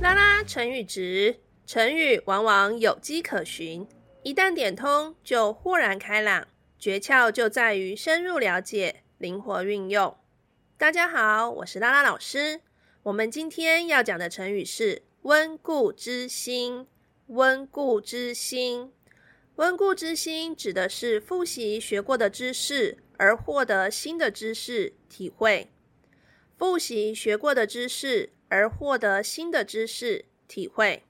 拉拉成語質，成語往往有跡可循，一旦點通就豁然開朗。訣竅就在於深入了解，靈活運用。大家好，我是拉拉老師。我們今天要講的成語是“溫故知新”。溫故知新。溫故知新指的是復習學過的知識而獲得新的知識體會。復習學過的知識而獲得新的知識體會。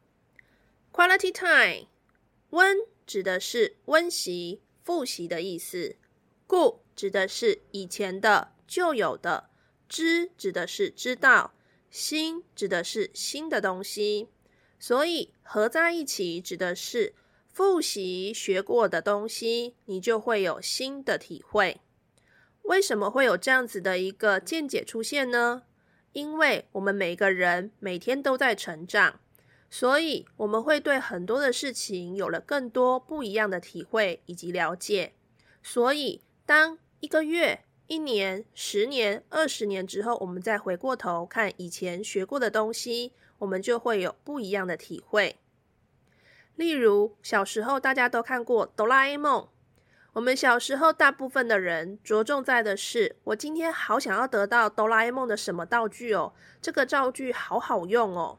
Quality time，溫指的是溫習、復習的意思，故指的是以前的、舊有的，知指的是知道，新指的是新的東西，所以合在一起指的是。複習學過的東西，你就會有新的體會。為什麼會有這樣子的一個見解出現呢？因為我們每個人每天都在成長，所以我們會對很多的事情有了更多不一樣的體會以及了解。所以，當一個月、一年、十年、二十年之後，我們再回過頭看以前學過的東西，我們就會有不一樣的體會。例如，小時候大家都看過《哆啦 A 夢》，我們小時候大部分的人着重在的是，我今天好想要得到《哆啦 A 夢》的什麼道具哦，這個道具好好用哦。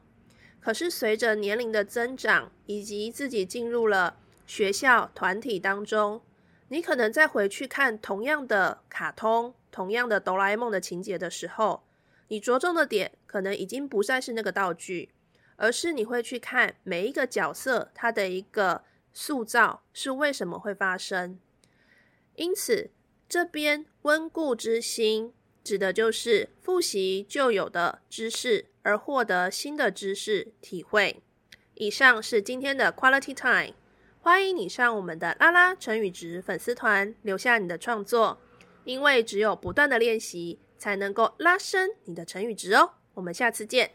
可是隨着年齡的增長，以及自己進入了學校團體當中，你可能再回去看同樣的卡通、同樣的《哆啦 A 夢》的情節的時候，你着重的點可能已經不再是那個道具。而是你會去看每一個角色，它的一個塑造是為什麼會發生。因此，這邊溫故知新指的就是複習舊有的知識，而獲得新的知識體會。以上是今天的 Quality Time，歡迎你上我們的拉拉成語質粉絲團留下你的創作，因為只有不斷的練習，才能夠拉升你的成語質哦。我們下次見。